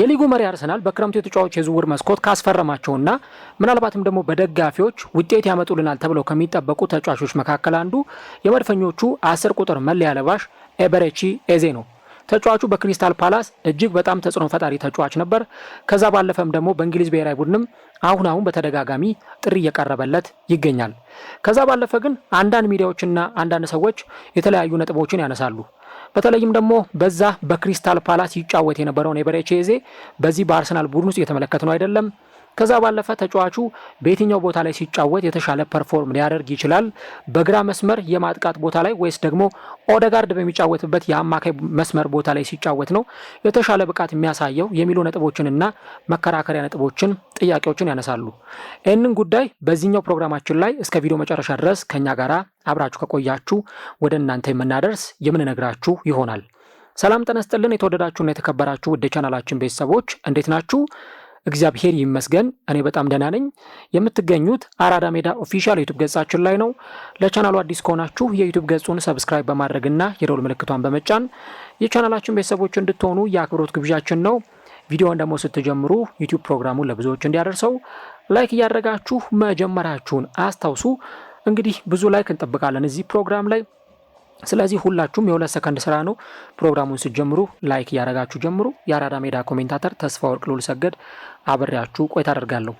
የሊጉ መሪ አርሰናል በክረምቱ የተጫዋቾች የዝውውር መስኮት ካስፈረማቸውና ምናልባትም ደግሞ በደጋፊዎች ውጤት ያመጡልናል ተብለው ከሚጠበቁ ተጫዋቾች መካከል አንዱ የመድፈኞቹ አስር ቁጥር መለያ ለባሽ ኤበሬቺ ኤዜ ነው። ተጫዋቹ በክሪስታል ፓላስ እጅግ በጣም ተጽዕኖ ፈጣሪ ተጫዋች ነበር። ከዛ ባለፈም ደግሞ በእንግሊዝ ብሔራዊ ቡድንም አሁን አሁን በተደጋጋሚ ጥሪ እየቀረበለት ይገኛል። ከዛ ባለፈ ግን አንዳንድ ሚዲያዎችና አንዳንድ ሰዎች የተለያዩ ነጥቦችን ያነሳሉ። በተለይም ደግሞ በዛ በክሪስታል ፓላስ ይጫወት የነበረውን ኤቤሬቺ ኤዜ በዚህ በአርሰናል ቡድን ውስጥ እየተመለከት ነው አይደለም ከዛ ባለፈ ተጫዋቹ በየትኛው ቦታ ላይ ሲጫወት የተሻለ ፐርፎርም ሊያደርግ ይችላል? በግራ መስመር የማጥቃት ቦታ ላይ ወይስ ደግሞ ኦደጋርድ በሚጫወትበት የአማካይ መስመር ቦታ ላይ ሲጫወት ነው የተሻለ ብቃት የሚያሳየው የሚሉ ነጥቦችንና መከራከሪያ ነጥቦችን፣ ጥያቄዎችን ያነሳሉ። ይህንን ጉዳይ በዚህኛው ፕሮግራማችን ላይ እስከ ቪዲዮ መጨረሻ ድረስ ከእኛ ጋር አብራችሁ ከቆያችሁ ወደ እናንተ የምናደርስ የምንነግራችሁ ይሆናል። ሰላም ጤና ይስጥልን የተወደዳችሁና የተከበራችሁ ውድ የቻናላችን ቤተሰቦች እንዴት ናችሁ? እግዚአብሔር ይመስገን እኔ በጣም ደህና ነኝ። የምትገኙት አራዳ ሜዳ ኦፊሻል ዩቱብ ገጻችን ላይ ነው። ለቻናሉ አዲስ ከሆናችሁ የዩቱብ ገጹን ሰብስክራይብ በማድረግና የደውል ምልክቷን በመጫን የቻናላችን ቤተሰቦች እንድትሆኑ የአክብሮት ግብዣችን ነው። ቪዲዮን ደግሞ ስትጀምሩ ዩቱብ ፕሮግራሙን ለብዙዎች እንዲያደርሰው ላይክ እያደረጋችሁ መጀመራችሁን አስታውሱ። እንግዲህ ብዙ ላይክ እንጠብቃለን እዚህ ፕሮግራም ላይ ስለዚህ ሁላችሁም የሁለት ሰከንድ ስራ ነው። ፕሮግራሙን ስትጀምሩ ላይክ እያደረጋችሁ ጀምሩ። የአራዳ ሜዳ ኮሜንታተር ተስፋ ወርቅ ልዑል ሰገድ አብሬያችሁ ቆይታ አደርጋለሁ።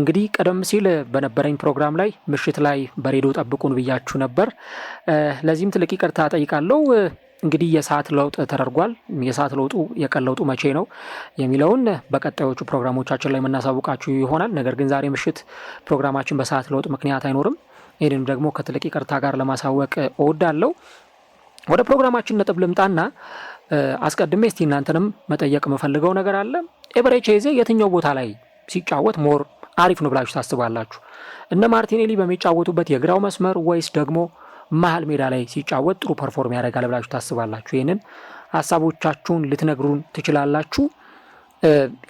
እንግዲህ ቀደም ሲል በነበረኝ ፕሮግራም ላይ ምሽት ላይ በሬዲዮ ጠብቁን ብያችሁ ነበር። ለዚህም ትልቅ ይቅርታ ጠይቃለሁ። እንግዲህ የሰዓት ለውጥ ተደርጓል። የሰዓት ለውጡ የቀን ለውጡ መቼ ነው የሚለውን በቀጣዮቹ ፕሮግራሞቻችን ላይ የምናሳውቃችሁ ይሆናል። ነገር ግን ዛሬ ምሽት ፕሮግራማችን በሰዓት ለውጥ ምክንያት አይኖርም። ይህንም ደግሞ ከትልቅ ይቅርታ ጋር ለማሳወቅ እወዳለሁ። ወደ ፕሮግራማችን ነጥብ ልምጣና አስቀድሜ እስቲ እናንተንም መጠየቅ የምፈልገው ነገር አለ። ኤበሬቺ የትኛው ቦታ ላይ ሲጫወት ሞር አሪፍ ነው ብላችሁ ታስባላችሁ? እነ ማርቲኔሊ በሚጫወቱበት የግራው መስመር ወይስ ደግሞ መሀል ሜዳ ላይ ሲጫወት ጥሩ ፐርፎርም ያደርጋል ብላችሁ ታስባላችሁ? ይህንን ሀሳቦቻችሁን ልትነግሩን ትችላላችሁ።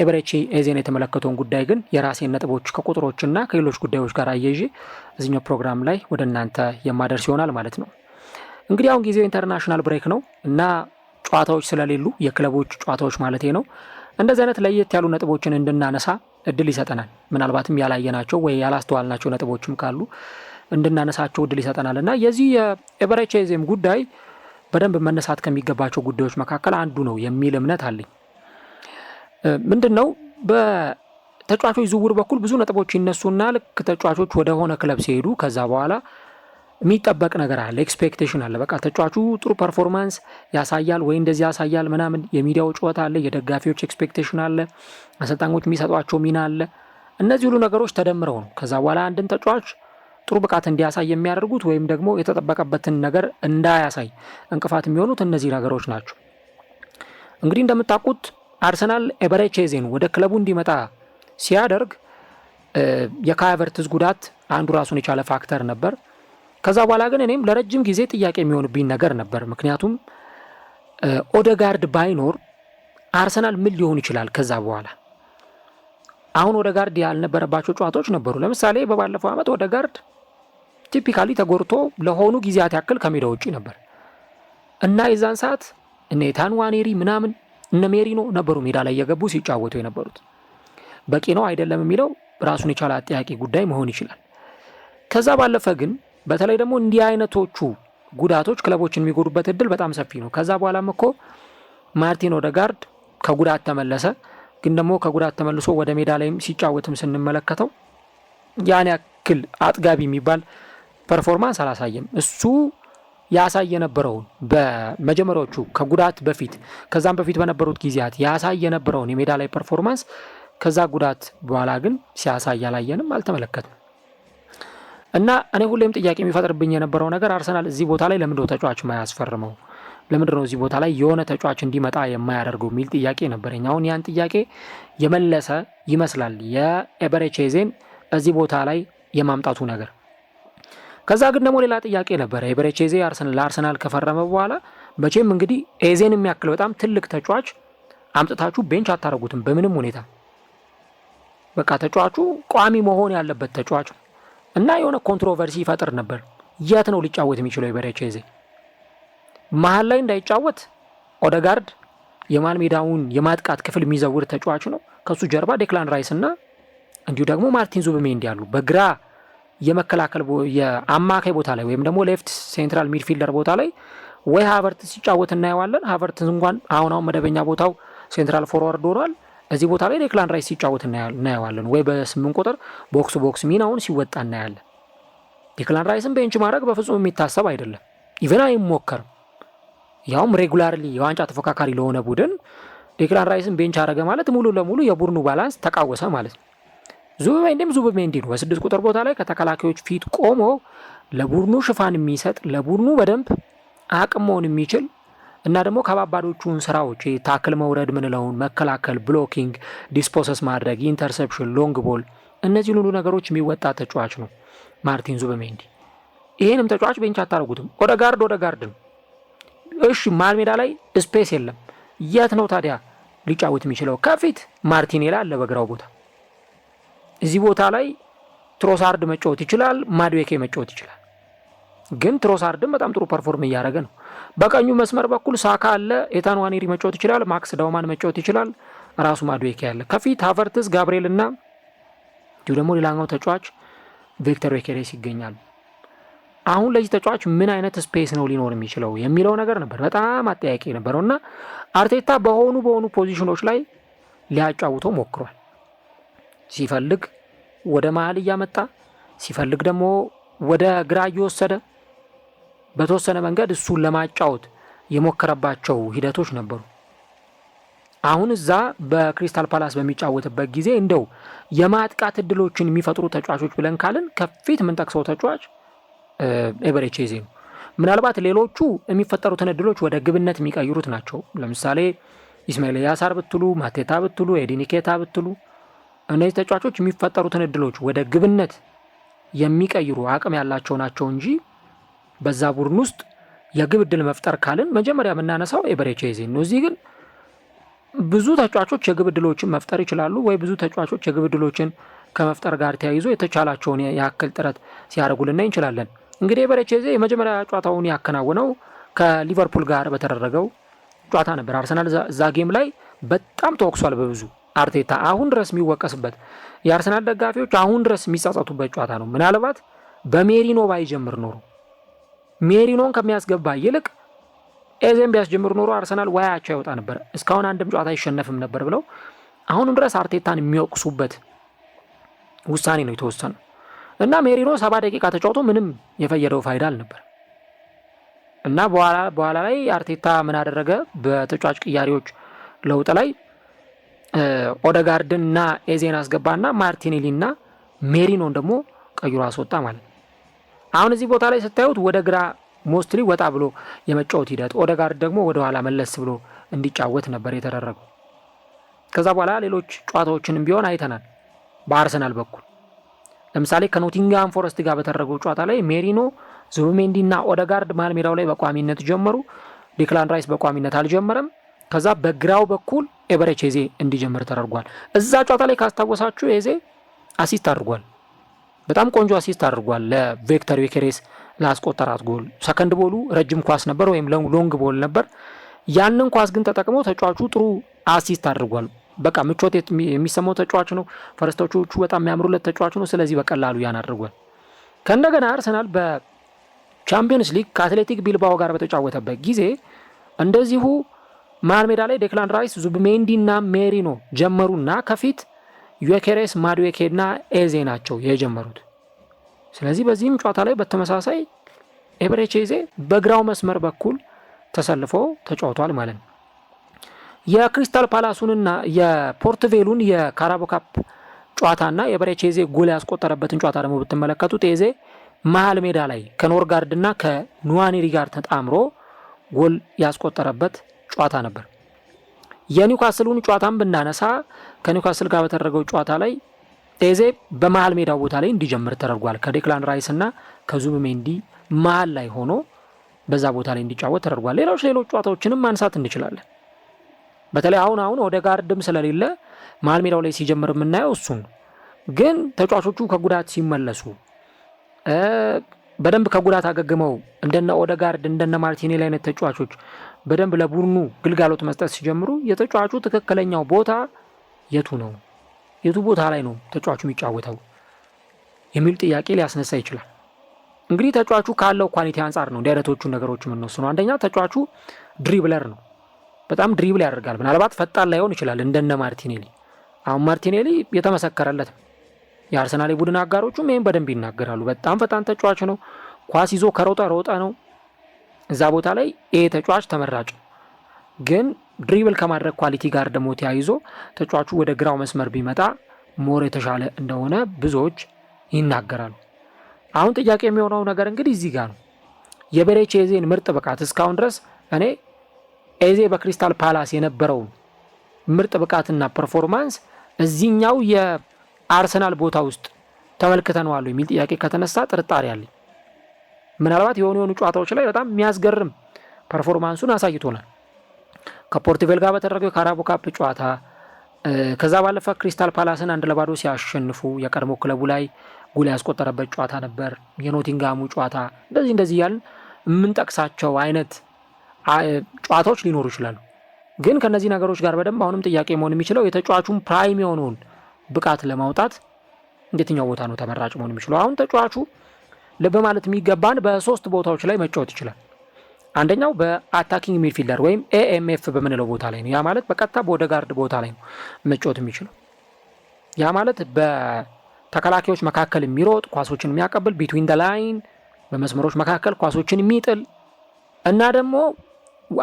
ኤበሬቺ ኤዜን የተመለከተውን ጉዳይ ግን የራሴን ነጥቦች ከቁጥሮችና ከሌሎች ጉዳዮች ጋር አያይዤ እዚኛው ፕሮግራም ላይ ወደ እናንተ የማደርስ ይሆናል ማለት ነው። እንግዲህ አሁን ጊዜው ኢንተርናሽናል ብሬክ ነው እና ጨዋታዎች ስለሌሉ የክለቦች ጨዋታዎች ማለት ነው። እንደዚህ አይነት ለየት ያሉ ነጥቦችን እንድናነሳ እድል ይሰጠናል። ምናልባትም ያላየናቸው ወይ ያላስተዋልናቸው ነጥቦችም ካሉ እንድናነሳቸው እድል ይሰጠናል እና የዚህ የኤበሬቺ ኤዜም ጉዳይ በደንብ መነሳት ከሚገባቸው ጉዳዮች መካከል አንዱ ነው የሚል እምነት አለኝ። ምንድን ነው በተጫዋቾች ዝውውር በኩል ብዙ ነጥቦች ይነሱና ልክ ተጫዋቾች ወደሆነ ክለብ ሲሄዱ ከዛ በኋላ የሚጠበቅ ነገር አለ፣ ኤክስፔክቴሽን አለ። በቃ ተጫዋቹ ጥሩ ፐርፎርማንስ ያሳያል ወይ እንደዚህ ያሳያል ምናምን፣ የሚዲያው ጩኸት አለ፣ የደጋፊዎች ኤክስፔክቴሽን አለ፣ አሰልጣኞች የሚሰጧቸው ሚና አለ። እነዚህ ሁሉ ነገሮች ተደምረው ነው ከዛ በኋላ አንድን ተጫዋች ጥሩ ብቃት እንዲያሳይ የሚያደርጉት ወይም ደግሞ የተጠበቀበትን ነገር እንዳያሳይ እንቅፋት የሚሆኑት እነዚህ ነገሮች ናቸው። እንግዲህ እንደምታውቁት አርሰናል ኤበሬቼዜን ወደ ክለቡ እንዲመጣ ሲያደርግ የካቨርትዝ ጉዳት አንዱ ራሱን የቻለ ፋክተር ነበር። ከዛ በኋላ ግን እኔም ለረጅም ጊዜ ጥያቄ የሚሆንብኝ ነገር ነበር። ምክንያቱም ኦደጋርድ ባይኖር አርሰናል ምን ሊሆን ይችላል? ከዛ በኋላ አሁን ኦደጋርድ ያልነበረባቸው ጨዋታዎች ነበሩ። ለምሳሌ በባለፈው ዓመት ኦደጋርድ ቲፒካሊ ተጎርቶ ለሆኑ ጊዜያት ያክል ከሜዳ ውጪ ነበር እና የዛን ሰዓት እነ ታንዋኔሪ ምናምን እነ ሜሪኖ ነበሩ ሜዳ ላይ እየገቡ ሲጫወቱ የነበሩት። በቂ ነው አይደለም የሚለው ራሱን የቻለ አጠያቂ ጉዳይ መሆን ይችላል። ከዛ ባለፈ ግን በተለይ ደግሞ እንዲህ አይነቶቹ ጉዳቶች ክለቦችን የሚጎዱበት እድል በጣም ሰፊ ነው። ከዛ በኋላም እኮ ማርቲን ኦደጋርድ ከጉዳት ተመለሰ። ግን ደግሞ ከጉዳት ተመልሶ ወደ ሜዳ ላይም ሲጫወትም ስንመለከተው ያን ያክል አጥጋቢ የሚባል ፐርፎርማንስ አላሳየም። እሱ ያሳይ የነበረውን በመጀመሪያዎቹ ከጉዳት በፊት ከዛም በፊት በነበሩት ጊዜያት ያሳይ የነበረውን የሜዳ ላይ ፐርፎርማንስ ከዛ ጉዳት በኋላ ግን ሲያሳይ ያላየንም አልተመለከትም እና እኔ ሁሌም ጥያቄ የሚፈጥርብኝ የነበረው ነገር አርሰናል እዚህ ቦታ ላይ ለምንድነው ተጫዋች ማያስፈርመው? ለምንድነው እዚህ ቦታ ላይ የሆነ ተጫዋች እንዲመጣ የማያደርገው የሚል ጥያቄ ነበረኝ። አሁን ያን ጥያቄ የመለሰ ይመስላል የኤበሬቼዜን እዚህ ቦታ ላይ የማምጣቱ ነገር ከዛ ግን ደግሞ ሌላ ጥያቄ ነበረ። ኤቤሬቺ ኤዜ ለአርሰናል ከፈረመ በኋላ መቼም እንግዲህ ኤዜን የሚያክል በጣም ትልቅ ተጫዋች አምጥታችሁ ቤንች አታደርጉትም በምንም ሁኔታ። በቃ ተጫዋቹ ቋሚ መሆን ያለበት ተጫዋች እና የሆነ ኮንትሮቨርሲ ይፈጥር ነበር። የት ነው ሊጫወት የሚችለው ኤቤሬቺ ኤዜ? መሀል ላይ እንዳይጫወት ኦደጋርድ የማል ሜዳውን የማጥቃት ክፍል የሚዘውር ተጫዋች ነው። ከሱ ጀርባ ዴክላን ራይስ እና እንዲሁ ደግሞ ማርቲን ዙብሜንዲ ያሉ በግራ የመከላከል የአማካይ ቦታ ላይ ወይም ደግሞ ሌፍት ሴንትራል ሚድፊልደር ቦታ ላይ ወይ ሀቨርት ሲጫወት እናየዋለን። ሀቨርት እንኳን አሁን አሁን መደበኛ ቦታው ሴንትራል ፎርዋርድ ሆኗል። እዚህ ቦታ ላይ ዴክላን ራይስ ሲጫወት እናየዋለን። ወይ በስምንት ቁጥር ቦክስ ቦክስ ሚናውን ሲወጣ እናያለን። ዴክላን ራይስን ቤንች ማድረግ በፍጹም የሚታሰብ አይደለም። ኢቨን አይሞከርም። ያውም ሬጉላርሊ የዋንጫ ተፎካካሪ ለሆነ ቡድን ዴክላን ራይስን ቤንች አረገ ማለት ሙሉ ለሙሉ የቡድኑ ባላንስ ተቃወሰ ማለት ነው። ዙቢሜንዲም ዙቢሜንዲ ነው። በስድስት ቁጥር ቦታ ላይ ከተከላካዮች ፊት ቆሞ ለቡድኑ ሽፋን የሚሰጥ ለቡድኑ በደንብ አቅም መሆን የሚችል እና ደግሞ ከባባዶቹን ስራዎች ታክል መውረድ ምንለውን መከላከል፣ ብሎኪንግ፣ ዲስፖሰስ ማድረግ፣ ኢንተርሰፕሽን፣ ሎንግ ቦል እነዚህን ሁሉ ነገሮች የሚወጣ ተጫዋች ነው ማርቲን ዙቢሜንዲ። ይህንም ተጫዋች ቤንች አታደርጉትም። ኦደጋርድ ኦደጋርድ ነው። እሺ መሀል ሜዳ ላይ ስፔስ የለም። የት ነው ታዲያ ሊጫወት የሚችለው? ከፊት ማርቲኔላ አለ በግራው ቦታ እዚህ ቦታ ላይ ትሮሳርድ መጫወት ይችላል፣ ማድዌኬ መጫወት ይችላል። ግን ትሮሳርድም በጣም ጥሩ ፐርፎርም እያደረገ ነው። በቀኙ መስመር በኩል ሳካ አለ፣ ኤታን ዋኔሪ መጫወት ይችላል፣ ማክስ ዳውማን መጫወት ይችላል፣ ራሱ ማድዌኬ አለ። ከፊት ሀቨርትስ፣ ጋብርኤል እና እንዲሁ ደግሞ ሌላኛው ተጫዋች ቪክተር ዮኬሬስ ይገኛሉ። አሁን ለዚህ ተጫዋች ምን አይነት ስፔስ ነው ሊኖር የሚችለው የሚለው ነገር ነበር በጣም አጠያቂ ነበረው እና አርቴታ በሆኑ በሆኑ ፖዚሽኖች ላይ ሊያጫውተው ሞክሯል። ሲፈልግ ወደ መሀል እያመጣ ሲፈልግ ደግሞ ወደ ግራ እየወሰደ በተወሰነ መንገድ እሱን ለማጫወት የሞከረባቸው ሂደቶች ነበሩ። አሁን እዛ በክሪስታል ፓላስ በሚጫወትበት ጊዜ እንደው የማጥቃት እድሎችን የሚፈጥሩ ተጫዋቾች ብለን ካልን ከፊት የምንጠቅሰው ተጫዋች ኤበሬቺ ኤዜ ነው። ምናልባት ሌሎቹ የሚፈጠሩትን እድሎች ወደ ግብነት የሚቀይሩት ናቸው። ለምሳሌ ኢስማኤል ያሳር ብትሉ፣ ማቴታ ብትሉ፣ ኤዲኒኬታ ብትሉ እነዚህ ተጫዋቾች የሚፈጠሩትን እድሎች ወደ ግብነት የሚቀይሩ አቅም ያላቸው ናቸው እንጂ በዛ ቡድን ውስጥ የግብ እድል መፍጠር ካልን መጀመሪያ የምናነሳው ኤበሬቼዜን ነው። እዚህ ግን ብዙ ተጫዋቾች የግብ እድሎችን መፍጠር ይችላሉ ወይ ብዙ ተጫዋቾች የግብ እድሎችን ከመፍጠር ጋር ተያይዞ የተቻላቸውን ያክል ጥረት ሲያደርጉልና እንችላለን። እንግዲህ ኤበሬቼዜ የመጀመሪያ ጨዋታውን ያከናውነው ከሊቨርፑል ጋር በተደረገው ጨዋታ ነበር። አርሰናል እዛ ጌም ላይ በጣም ተወቅሷል በብዙ አርቴታ አሁን ድረስ የሚወቀስበት የአርሰናል ደጋፊዎች አሁን ድረስ የሚጸጸቱበት ጨዋታ ነው። ምናልባት በሜሪኖ ባይጀምር ኖሮ ሜሪኖን ከሚያስገባ ይልቅ ኤዜን ቢያስጀምር ኖሮ አርሰናል ዋያቸው ያወጣ ነበር፣ እስካሁን አንድም ጨዋታ አይሸነፍም ነበር ብለው አሁንም ድረስ አርቴታን የሚወቅሱበት ውሳኔ ነው የተወሰነው እና ሜሪኖ ሰባ ደቂቃ ተጫውቶ ምንም የፈየደው ፋይዳ አልነበር እና በኋላ ላይ አርቴታ ምን አደረገ? በተጫዋች ቅያሪዎች ለውጥ ላይ ኦደጋርድን ኤዜን አስገባና ማርቲኔሊ እና ሜሪኖን ደግሞ ቀይሮ አስወጣ ማለት ነው። አሁን እዚህ ቦታ ላይ ስታዩት ወደ ግራ ሞስትሊ ወጣ ብሎ የመጫወት ሂደት፣ ኦደጋርድ ደግሞ ወደኋላ መለስ ብሎ እንዲጫወት ነበር የተደረገው። ከዛ በኋላ ሌሎች ጨዋታዎችንም ቢሆን አይተናል። በአርሰናል በኩል ለምሳሌ ከኖቲንግሃም ፎረስት ጋር በተደረገው ጨዋታ ላይ ሜሪኖ፣ ዙቢሜንዲ ኦደጋርድ መሀል ሜዳው ላይ በቋሚነት ጀመሩ። ዲክላን ራይስ በቋሚነት አልጀመረም። ከዛ በግራው በኩል ኤበረች ኤዜ እንዲጀምር ተደርጓል። እዛ ጨዋታ ላይ ካስታወሳችሁ ኤዜ አሲስት አድርጓል። በጣም ቆንጆ አሲስት አድርጓል ለቬክተር ዩኬሬስ ላስቆጠራት ጎል። ሰከንድ ቦሉ ረጅም ኳስ ነበር ወይም ሎንግ ቦል ነበር። ያንን ኳስ ግን ተጠቅመው ተጫዋቹ ጥሩ አሲስት አድርጓል። በቃ ምቾት የሚሰማው ተጫዋች ነው። ፈረስቶቹ በጣም የሚያምሩለት ተጫዋች ነው። ስለዚህ በቀላሉ ያን አድርጓል። ከእንደገና አርሰናል በቻምፒዮንስ ሊግ ከአትሌቲክ ቢልባኦ ጋር በተጫወተበት ጊዜ እንደዚሁ መሀል ሜዳ ላይ ዴክላን ራይስ፣ ዙብሜንዲና ሜሪኖ ጀመሩና ከፊት ዩኬሬስ፣ ማድዌኬና ኤዜ ናቸው የጀመሩት። ስለዚህ በዚህም ጨዋታ ላይ በተመሳሳይ ኤበሬቺ ኤዜ በግራው መስመር በኩል ተሰልፎ ተጫውቷል ማለት ነው። የክሪስታል ፓላሱንና የፖርትቬሉን የካራቦ ካፕ ጨዋታና የኤበሬቺ ኤዜ ጎል ያስቆጠረበትን ጨዋታ ደግሞ ብትመለከቱት ኤዜ መሀል ሜዳ ላይ ከኖርጋርድና ከኑዋኔሪ ጋር ተጣምሮ ጎል ያስቆጠረበት ጨዋታ ነበር። የኒውካስሉን ጨዋታም ብናነሳ ከኒውካስል ጋር በተደረገው ጨዋታ ላይ ኤዜ በመሀል ሜዳ ቦታ ላይ እንዲጀምር ተደርጓል። ከዴክላን ራይስ እና ከዙብሜንዲ መሀል ላይ ሆኖ በዛ ቦታ ላይ እንዲጫወት ተደርጓል። ሌሎች ሌሎች ጨዋታዎችንም ማንሳት እንችላለን። በተለይ አሁን አሁን ወደ ጋርድም ስለሌለ መሀል ሜዳው ላይ ሲጀምር የምናየው እሱን ግን ተጫዋቾቹ ከጉዳት ሲመለሱ በደንብ ከጉዳት አገግመው እንደነ ኦደጋርድ እንደነ ማርቲኔሊ አይነት ተጫዋቾች በደንብ ለቡድኑ ግልጋሎት መስጠት ሲጀምሩ የተጫዋቹ ትክክለኛው ቦታ የቱ ነው፣ የቱ ቦታ ላይ ነው ተጫዋቹ የሚጫወተው የሚል ጥያቄ ሊያስነሳ ይችላል። እንግዲህ ተጫዋቹ ካለው ኳሊቲ አንጻር ነው እንዲአይነቶቹ ነገሮች ነገሮች ነው። አንደኛ ተጫዋቹ ድሪብለር ነው፣ በጣም ድሪብል ያደርጋል። ምናልባት ፈጣን ላይሆን ይችላል እንደነ ማርቲኔሊ። አሁን ማርቲኔሊ የተመሰከረለት የአርሰናል ቡድን አጋሮቹም ይህም በደንብ ይናገራሉ። በጣም ፈጣን ተጫዋች ነው። ኳስ ይዞ ከሮጠ ሮጠ ነው። እዛ ቦታ ላይ ይሄ ተጫዋች ተመራጭ ግን ድሪብል ከማድረግ ኳሊቲ ጋር ደግሞ ተያይዞ ተጫዋቹ ወደ ግራው መስመር ቢመጣ ሞር የተሻለ እንደሆነ ብዙዎች ይናገራሉ። አሁን ጥያቄ የሚሆነው ነገር እንግዲህ እዚህ ጋር ነው። የበሬቼ ኤዜን ምርጥ ብቃት እስካሁን ድረስ እኔ ኤዜ በክሪስታል ፓላስ የነበረውን ምርጥ ብቃትና ፐርፎርማንስ እዚህኛው የአርሰናል ቦታ ውስጥ ተመልክተነዋል የሚል ጥያቄ ከተነሳ ጥርጣሬ አለኝ። ምናልባት የሆኑ የሆኑ ጨዋታዎች ላይ በጣም የሚያስገርም ፐርፎርማንሱን አሳይቶናል። ከፖርቱቬል ጋር በተደረገው የካራቦ ካፕ ጨዋታ ከዛ ባለፈ ክሪስታል ፓላስን አንድ ለባዶ ሲያሸንፉ የቀድሞ ክለቡ ላይ ጉል ያስቆጠረበት ጨዋታ ነበር። የኖቲንጋሙ ጨዋታ እንደዚህ እንደዚህ እያልን የምንጠቅሳቸው አይነት ጨዋታዎች ሊኖሩ ይችላሉ። ግን ከእነዚህ ነገሮች ጋር በደንብ አሁንም ጥያቄ መሆን የሚችለው የተጫዋቹን ፕራይም የሆነውን ብቃት ለማውጣት የትኛው ቦታ ነው ተመራጭ መሆን የሚችለው? አሁን ተጫዋቹ ልብ ማለት የሚገባን በሶስት ቦታዎች ላይ መጫወት ይችላል። አንደኛው በአታኪንግ ሚድፊልደር ወይም ኤኤምኤፍ በምንለው ቦታ ላይ ነው። ያ ማለት በቀጥታ በኦደጋርድ ቦታ ላይ ነው መጫወት የሚችለው። ያ ማለት በተከላካዮች መካከል የሚሮጥ ኳሶችን የሚያቀብል ቢትዊን ደ ላይን፣ በመስመሮች መካከል ኳሶችን የሚጥል እና ደግሞ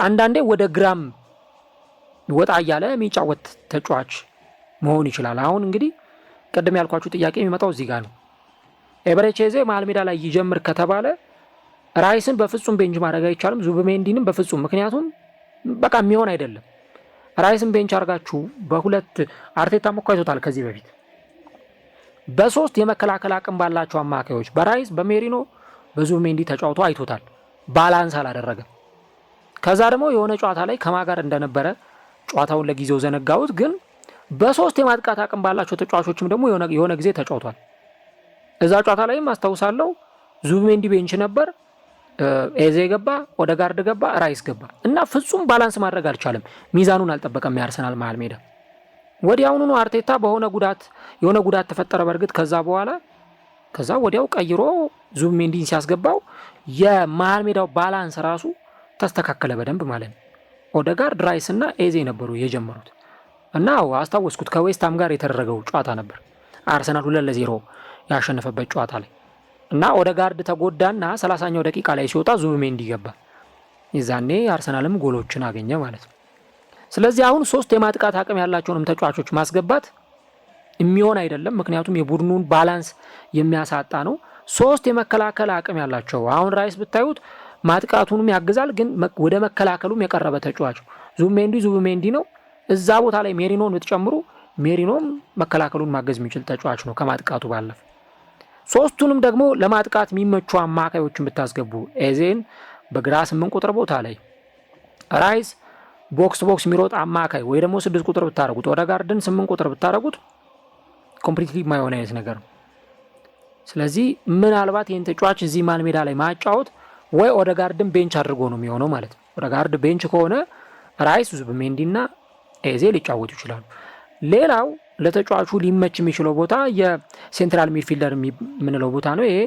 አንዳንዴ ወደ ግራም ወጣ እያለ የሚጫወት ተጫዋች መሆን ይችላል። አሁን እንግዲህ ቅድም ያልኳችሁ ጥያቄ የሚመጣው እዚህ ጋር ነው። ኤበረቼዜ መሀል ሜዳ ላይ ይጀምር ከተባለ ራይስን በፍጹም ቤንች ማድረግ አይቻልም። ዙብሜንዲንም በፍጹም ምክንያቱም በቃ የሚሆን አይደለም። ራይስን ቤንች አድርጋችሁ በሁለት አርቴታ ሞካይቶታል አይቶታል ከዚህ በፊት በሶስት የመከላከል አቅም ባላቸው አማካዮች በራይስ በሜሪኖ በዙብሜንዲ ተጫውቶ አይቶታል። ባላንስ አላደረገም። ከዛ ደግሞ የሆነ ጨዋታ ላይ ከማጋር እንደነበረ ጨዋታውን ለጊዜው ዘነጋሁት፣ ግን በሶስት የማጥቃት አቅም ባላቸው ተጫዋቾችም ደግሞ የሆነ ጊዜ ተጫውቷል። እዛ ጨዋታ ላይም አስታውሳለሁ ዙቢሜንዲ ቤንች ነበር። ኤዜ ገባ፣ ኦደጋርድ ገባ፣ ራይስ ገባ እና ፍጹም ባላንስ ማድረግ አልቻለም። ሚዛኑን አልጠበቀም የአርሰናል መሀል ሜዳ። ወዲያውኑ አርቴታ በሆነ ጉዳት የሆነ ጉዳት ተፈጠረ በእርግጥ ከዛ በኋላ ከዛ ወዲያው ቀይሮ ዙቢሜንዲን ሲያስገባው የመሀል ሜዳው ባላንስ ራሱ ተስተካከለ በደንብ ማለት ነው። ኦደጋርድ ራይስ እና ኤዜ ነበሩ የጀመሩት እና አስታወስኩት ከዌስትሃም ጋር የተደረገው ጨዋታ ነበር አርሰናል ሁለት ለዜሮ ያሸነፈበት ጨዋታ ላይ እና ወደ ጋርድ ተጎዳና ሰላሳኛው ደቂቃ ላይ ሲወጣ ዙብሜ ገባ። ይዛኔ አርሰናልም ጎሎችን አገኘ ማለት ነው። ስለዚህ አሁን ሶስት የማጥቃት አቅም ያላቸውንም ተጫዋቾች ማስገባት የሚሆን አይደለም። ምክንያቱም የቡድኑን ባላንስ የሚያሳጣ ነው። ሶስት የመከላከል አቅም ያላቸው አሁን ራይስ ብታዩት ማጥቃቱንም ያግዛል፣ ግን ወደ መከላከሉም የቀረበ ተጫዋች ዙብሜንዲ ዙብሜንዲ ነው። እዛ ቦታ ላይ ሜሪኖን ብትጨምሩ ሜሪኖም መከላከሉን ማገዝ የሚችል ተጫዋች ነው ከማጥቃቱ ባለፈ ሶስቱንም ደግሞ ለማጥቃት የሚመቹ አማካዮችን ብታስገቡ ኤዜን በግራ ስምንት ቁጥር ቦታ ላይ ራይስ ቦክስ ቦክስ የሚሮጥ አማካይ ወይ ደግሞ ስድስት ቁጥር ብታደረጉት ኦደጋርድን ስምንት ቁጥር ብታደረጉት ኮምፕሊትሊ የማይሆን አይነት ነገር ነው። ስለዚህ ምናልባት ይህን ተጫዋች እዚህ መሀል ሜዳ ላይ ማጫወት ወይ ኦደጋርድን ቤንች አድርጎ ነው የሚሆነው ማለት ነው። ኦደጋርድ ቤንች ከሆነ ራይስ ዙብሜንዲና ኤዜ ሊጫወቱ ይችላሉ። ሌላው ለተጫዋቹ ሊመች የሚችለው ቦታ የሴንትራል ሚድፊልደር የምንለው ቦታ ነው። ይሄ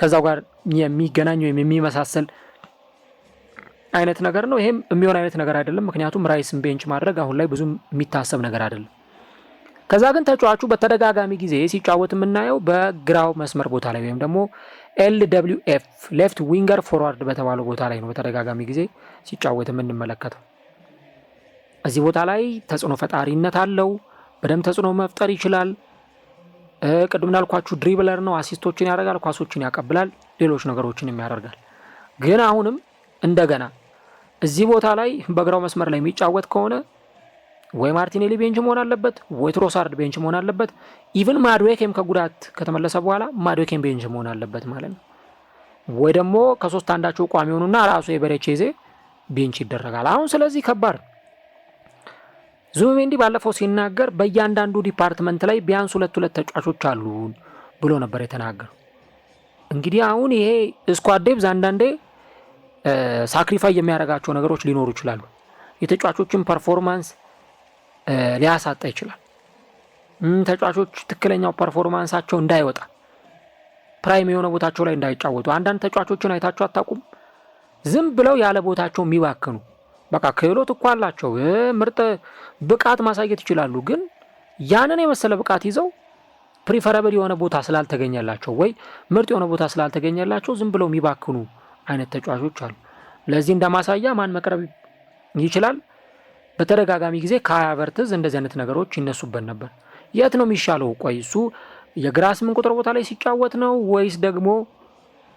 ከዛው ጋር የሚገናኝ ወይም የሚመሳሰል አይነት ነገር ነው። ይሄም የሚሆን አይነት ነገር አይደለም። ምክንያቱም ራይስን ቤንች ማድረግ አሁን ላይ ብዙም የሚታሰብ ነገር አይደለም። ከዛ ግን ተጫዋቹ በተደጋጋሚ ጊዜ ሲጫወት የምናየው በግራው መስመር ቦታ ላይ ወይም ደግሞ ኤል ደብሊው ኤፍ ሌፍት ዊንገር ፎርዋርድ በተባለው ቦታ ላይ ነው በተደጋጋሚ ጊዜ ሲጫወት የምንመለከተው። እዚህ ቦታ ላይ ተጽዕኖ ፈጣሪነት አለው። በደንብ ተጽዕኖ መፍጠር ይችላል። ቅድም እንዳልኳችሁ ድሪብለር ነው። አሲስቶችን ያደርጋል፣ ኳሶችን ያቀብላል፣ ሌሎች ነገሮችንም ያደርጋል። ግን አሁንም እንደገና እዚህ ቦታ ላይ በግራው መስመር ላይ የሚጫወት ከሆነ ወይ ማርቲኔሊ ቤንች መሆን አለበት፣ ወይ ትሮሳርድ ቤንች መሆን አለበት። ኢቭን ማድዌኬም ከጉዳት ከተመለሰ በኋላ ማድዌኬም ቤንች መሆን አለበት ማለት ነው። ወይ ደግሞ ከሶስት አንዳቸው ቋሚ የሆኑና ራሱ የበሬቼዜ ቤንች ይደረጋል። አሁን ስለዚህ ከባድ ዙቢሜንዲ ባለፈው ሲናገር በእያንዳንዱ ዲፓርትመንት ላይ ቢያንስ ሁለት ሁለት ተጫዋቾች አሉን ብሎ ነበር የተናገረው። እንግዲህ አሁን ይሄ ስኳድ ዴፕዝ አንዳንዴ ሳክሪፋይ የሚያደርጋቸው ነገሮች ሊኖሩ ይችላሉ። የተጫዋቾችን ፐርፎርማንስ ሊያሳጣ ይችላል። ተጫዋቾች ትክክለኛው ፐርፎርማንሳቸው እንዳይወጣ ፕራይም የሆነ ቦታቸው ላይ እንዳይጫወቱ አንዳንድ ተጫዋቾችን አይታችሁ አታውቁም? ዝም ብለው ያለ ቦታቸው የሚባክኑ በቃ ክህሎት እኮ አላቸው፣ ምርጥ ብቃት ማሳየት ይችላሉ። ግን ያንን የመሰለ ብቃት ይዘው ፕሪፈረብል የሆነ ቦታ ስላልተገኘላቸው ወይ ምርጥ የሆነ ቦታ ስላልተገኘላቸው ዝም ብለው የሚባክኑ አይነት ተጫዋቾች አሉ። ለዚህ እንደማሳያ ማን መቅረብ ይችላል? በተደጋጋሚ ጊዜ ከሀያ በርትዝ እንደዚህ አይነት ነገሮች ይነሱበት ነበር። የት ነው የሚሻለው? ቆይ እሱ የግራ ስምንት ቁጥር ቦታ ላይ ሲጫወት ነው ወይስ ደግሞ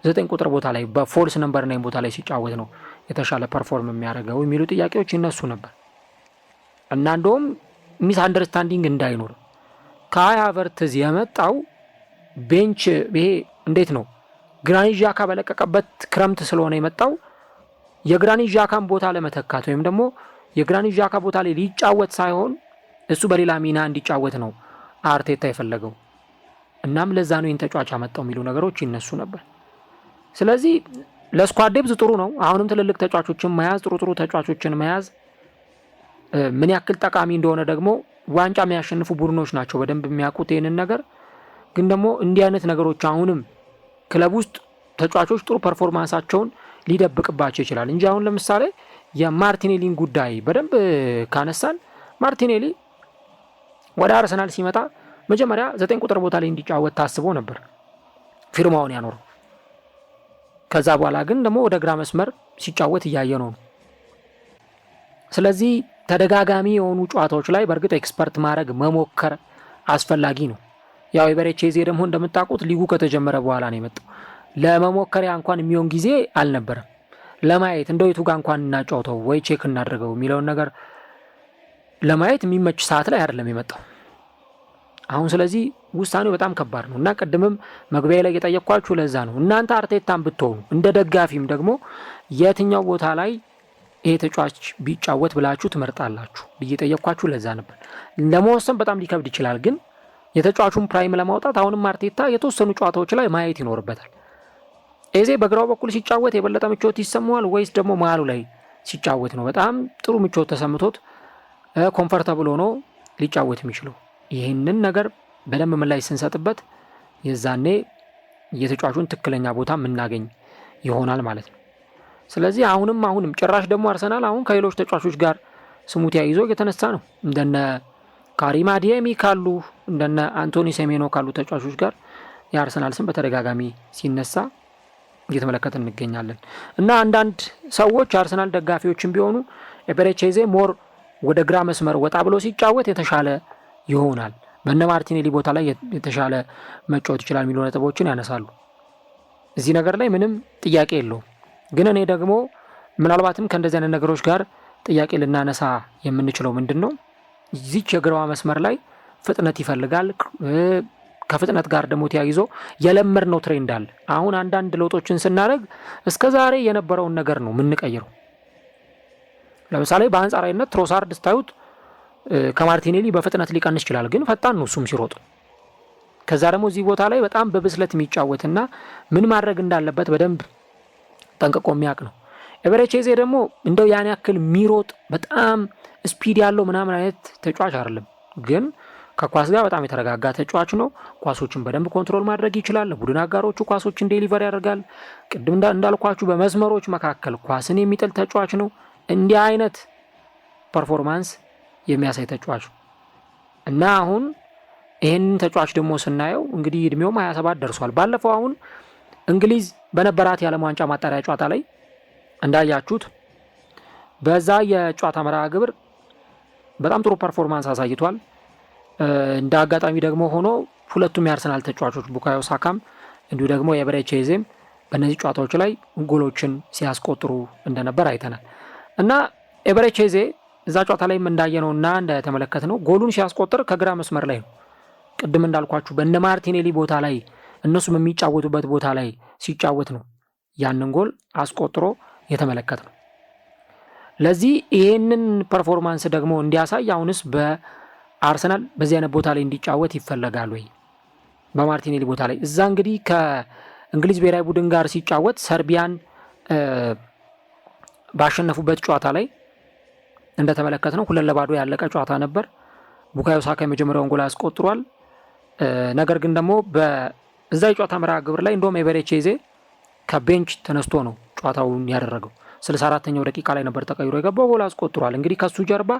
ዘጠኝ ቁጥር ቦታ ላይ በፎልስ ነምበር ናይን ቦታ ላይ ሲጫወት ነው? የተሻለ ፐርፎርም የሚያደርገው የሚሉ ጥያቄዎች ይነሱ ነበር እና እንደውም ሚስ አንደርስታንዲንግ እንዳይኖር ከሀይ ሀቨርትዝ የመጣው ቤንች ይሄ እንዴት ነው ግራኒት ዣካ በለቀቀበት ክረምት ስለሆነ የመጣው የግራኒት ዣካን ቦታ ለመተካት ወይም ደግሞ የግራኒት ዣካ ቦታ ላይ ሊጫወት ሳይሆን እሱ በሌላ ሚና እንዲጫወት ነው አርቴታ የፈለገው። እናም ለዛ ነው ይህን ተጫዋች አመጣው የሚሉ ነገሮች ይነሱ ነበር። ስለዚህ ለስኳድ ጥሩ ነው። አሁንም ትልልቅ ተጫዋቾችን መያዝ ጥሩ ጥሩ ተጫዋቾችን መያዝ ምን ያክል ጠቃሚ እንደሆነ ደግሞ ዋንጫ የሚያሸንፉ ቡድኖች ናቸው በደንብ የሚያውቁት ይህንን ነገር። ግን ደግሞ እንዲህ አይነት ነገሮች አሁንም ክለብ ውስጥ ተጫዋቾች ጥሩ ፐርፎርማንሳቸውን ሊደብቅባቸው ይችላል እንጂ አሁን ለምሳሌ የማርቲኔሊን ጉዳይ በደንብ ካነሳን ማርቲኔሊ ወደ አርሰናል ሲመጣ መጀመሪያ ዘጠኝ ቁጥር ቦታ ላይ እንዲጫወት ታስቦ ነበር ፊርማውን ያኖረው ከዛ በኋላ ግን ደግሞ ወደ ግራ መስመር ሲጫወት እያየ ነው። ስለዚህ ተደጋጋሚ የሆኑ ጨዋታዎች ላይ በእርግጥ ኤክስፐርት ማድረግ መሞከር አስፈላጊ ነው። ያው ኤቤሬቺዜ ደግሞ እንደምታውቁት ሊጉ ከተጀመረ በኋላ ነው የመጣው። ለመሞከሪያ እንኳን የሚሆን ጊዜ አልነበረም። ለማየት እንደው የቱ ጋ እንኳን እናጫውተው ወይ ቼክ እናድርገው የሚለውን ነገር ለማየት የሚመች ሰዓት ላይ አይደለም የመጣው አሁን። ስለዚህ ውሳኔው በጣም ከባድ ነው እና ቅድምም መግቢያ ላይ የጠየቅኳችሁ ለዛ ነው። እናንተ አርቴታን ብትሆኑ እንደ ደጋፊም ደግሞ የትኛው ቦታ ላይ ይሄ ተጫዋች ቢጫወት ብላችሁ ትመርጣላችሁ ብዬ ለዛ ነበር። ለመወሰን በጣም ሊከብድ ይችላል፣ ግን የተጫዋቹን ፕራይም ለማውጣት አሁንም አርቴታ የተወሰኑ ጨዋታዎች ላይ ማየት ይኖርበታል። ኤዜ በግራው በኩል ሲጫወት የበለጠ ምቾት ይሰማዋል ወይስ ደግሞ መሀሉ ላይ ሲጫወት ነው በጣም ጥሩ ምቾት ተሰምቶት ኮምፈርተብል ሆኖ ሊጫወት የሚችለው ይህንን ነገር በደንብ ምላሽ ስንሰጥበት የዛኔ የተጫዋቹን ትክክለኛ ቦታ የምናገኝ ይሆናል ማለት ነው። ስለዚህ አሁንም አሁንም ጭራሽ ደግሞ አርሰናል አሁን ከሌሎች ተጫዋቾች ጋር ስሙ ተያይዞ የተነሳ ነው እንደነ ካሪም አዲየሚ ካሉ እንደነ አንቶኒ ሴሜኖ ካሉ ተጫዋቾች ጋር የአርሰናል ስም በተደጋጋሚ ሲነሳ እየተመለከት እንገኛለን እና አንዳንድ ሰዎች አርሰናል ደጋፊዎችን ቢሆኑ ኤቤሬቺ ኤዜ ሞር ወደ ግራ መስመር ወጣ ብሎ ሲጫወት የተሻለ ይሆናል በእነ ማርቲኔሊ ቦታ ላይ የተሻለ መጫወት ይችላል የሚሉ ነጥቦችን ያነሳሉ። እዚህ ነገር ላይ ምንም ጥያቄ የለውም። ግን እኔ ደግሞ ምናልባትም ከእንደዚህ አይነት ነገሮች ጋር ጥያቄ ልናነሳ የምንችለው ምንድን ነው እዚች የግርማ መስመር ላይ ፍጥነት ይፈልጋል። ከፍጥነት ጋር ደግሞ ተያይዞ ነው ትሬንድ አለ። አሁን አንዳንድ ለውጦችን ስናደርግ እስከ ዛሬ የነበረውን ነገር ነው የምንቀይረው። ለምሳሌ በአንጻራዊነት ትሮሳርድ ስታዩት ከማርቲኔሊ በፍጥነት ሊቀንስ ይችላል፣ ግን ፈጣን ነው እሱም ሲሮጥ። ከዛ ደግሞ እዚህ ቦታ ላይ በጣም በብስለት የሚጫወትና ምን ማድረግ እንዳለበት በደንብ ጠንቅቆ የሚያውቅ ነው። ኤቨሬቼዜ ደግሞ እንደው ያን ያክል የሚሮጥ በጣም ስፒድ ያለው ምናምን አይነት ተጫዋች አይደለም፣ ግን ከኳስ ጋር በጣም የተረጋጋ ተጫዋች ነው። ኳሶችን በደንብ ኮንትሮል ማድረግ ይችላል። ለቡድን አጋሮቹ ኳሶችን ዴሊቨር ያደርጋል። ቅድም እንዳልኳችሁ በመስመሮች መካከል ኳስን የሚጥል ተጫዋች ነው። እንዲህ አይነት ፐርፎርማንስ የሚያሳይ ተጫዋች እና አሁን ይህንን ተጫዋች ደግሞ ስናየው እንግዲህ እድሜውም 27 ደርሷል። ባለፈው አሁን እንግሊዝ በነበራት የዓለም ዋንጫ ማጣሪያ ጨዋታ ላይ እንዳያችሁት በዛ የጨዋታ መርሃ ግብር በጣም ጥሩ ፐርፎርማንስ አሳይቷል። እንደ አጋጣሚ ደግሞ ሆኖ ሁለቱም የአርሰናል ተጫዋቾች ቡካዮ ሳካም እንዲሁ ደግሞ የበሬች ቼዜም በእነዚህ ጨዋታዎች ላይ ጎሎችን ሲያስቆጥሩ እንደነበር አይተናል እና ኤቨሬቼዜ እዛ ጨዋታ ላይም እንዳየነው እና እንደተመለከትነው ጎሉን ሲያስቆጥር ከግራ መስመር ላይ ነው። ቅድም እንዳልኳችሁ በእነ ማርቲኔሊ ቦታ ላይ እነሱም የሚጫወቱበት ቦታ ላይ ሲጫወት ነው ያንን ጎል አስቆጥሮ የተመለከት ነው። ለዚህ ይሄንን ፐርፎርማንስ ደግሞ እንዲያሳይ አሁንስ በአርሰናል በዚህ አይነት ቦታ ላይ እንዲጫወት ይፈለጋል ወይ? በማርቲኔሊ ቦታ ላይ እዛ እንግዲህ ከእንግሊዝ ብሔራዊ ቡድን ጋር ሲጫወት ሰርቢያን ባሸነፉበት ጨዋታ ላይ እንደተመለከት ነው ሁለት ለባዶ ያለቀ ጨዋታ ነበር። ቡካዮ ሳካ የመጀመሪያውን ጎል አስቆጥሯል። ነገር ግን ደግሞ በዛ የጨዋታ መርሃ ግብር ላይ እንደውም ኤቤሬቺዜ ከቤንች ተነስቶ ነው ጨዋታውን ያደረገው። ስልሳ አራተኛው ደቂቃ ላይ ነበር ተቀይሮ የገባው፣ ጎል አስቆጥሯል። እንግዲህ ከሱ ጀርባ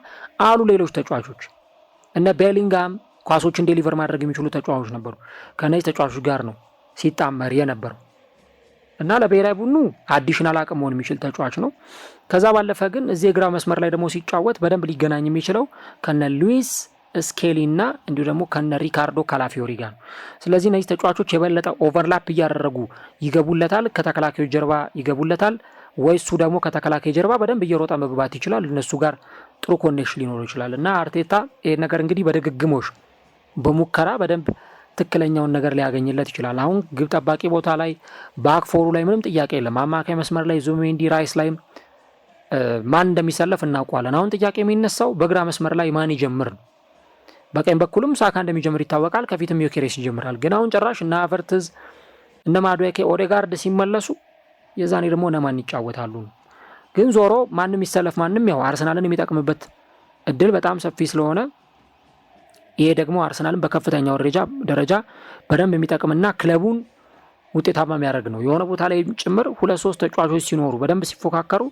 አሉ ሌሎች ተጫዋቾች እነ ቤሊንጋም ኳሶችን ዴሊቨር ማድረግ የሚችሉ ተጫዋቾች ነበሩ። ከነዚህ ተጫዋቾች ጋር ነው ሲጣመር የነበረው። እና ለብሔራዊ ቡድኑ አዲሽናል አቅም መሆን የሚችል ተጫዋች ነው። ከዛ ባለፈ ግን እዚህ የግራ መስመር ላይ ደግሞ ሲጫወት በደንብ ሊገናኝ የሚችለው ከነ ሉዊስ ስኬሊ እና እንዲሁ ደግሞ ከነ ሪካርዶ ካላፊዮሪ ጋር ነው። ስለዚህ እነዚህ ተጫዋቾች የበለጠ ኦቨርላፕ እያደረጉ ይገቡለታል፣ ከተከላካዮች ጀርባ ይገቡለታል ወይ እሱ ደግሞ ከተከላካይ ጀርባ በደንብ እየሮጠ መግባት ይችላል። እነሱ ጋር ጥሩ ኮኔክሽን ሊኖረው ይችላል እና አርቴታ ይህ ነገር እንግዲህ በድግግሞሽ በሙከራ በደንብ ትክክለኛውን ነገር ሊያገኝለት ይችላል። አሁን ግብ ጠባቂ ቦታ ላይ በአክፎሩ ላይ ምንም ጥያቄ የለም። አማካይ መስመር ላይ ዙሜንዲ፣ ራይስ ላይም ማን እንደሚሰለፍ እናውቋለን። አሁን ጥያቄ የሚነሳው በግራ መስመር ላይ ማን ይጀምር ነው። በቀኝ በኩልም ሳካ እንደሚጀምር ይታወቃል። ከፊትም ዮኬሬስ ይጀምራል። ግን አሁን ጭራሽ እነ አቨርትዝ እነ ማዱዌኬ፣ ኦዴጋርድ ሲመለሱ የዛኔ ደግሞ እነማን ይጫወታሉ ነው። ግን ዞሮ ማንም ይሰለፍ ማንም ያው አርሰናልን የሚጠቅምበት እድል በጣም ሰፊ ስለሆነ ይሄ ደግሞ አርሰናልን በከፍተኛው ደረጃ በደንብ የሚጠቅምና ክለቡን ውጤታማ የሚያደርግ ነው። የሆነ ቦታ ላይ ጭምር ሁለት ሶስት ተጫዋቾች ሲኖሩ በደንብ ሲፎካከሩ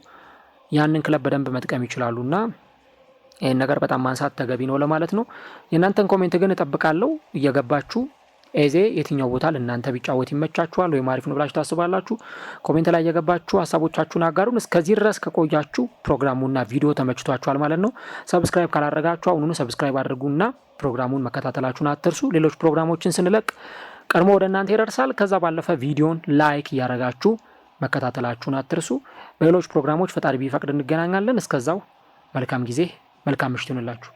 ያንን ክለብ በደንብ መጥቀም ይችላሉ እና ይህን ነገር በጣም ማንሳት ተገቢ ነው ለማለት ነው። የእናንተን ኮሜንት ግን እጠብቃለሁ እየገባችሁ ኤዜ የትኛው ቦታ ለእናንተ ቢጫወት ይመቻችኋል ወይም አሪፍ ነው ብላችሁ ታስባላችሁ? ኮሜንት ላይ እየገባችሁ ሀሳቦቻችሁን አጋሩን። እስከዚህ ድረስ ከቆያችሁ ፕሮግራሙና ቪዲዮ ተመችቷችኋል ማለት ነው። ሰብስክራይብ ካላረጋችሁ አሁኑኑ ሰብስክራይብ አድርጉና ፕሮግራሙን መከታተላችሁን አትርሱ። ሌሎች ፕሮግራሞችን ስንለቅ ቀድሞ ወደ እናንተ ይደርሳል። ከዛ ባለፈ ቪዲዮን ላይክ እያረጋችሁ መከታተላችሁን አትርሱ። በሌሎች ፕሮግራሞች ፈጣሪ ቢፈቅድ እንገናኛለን። እስከዛው መልካም ጊዜ፣ መልካም ምሽት ይሁንላችሁ።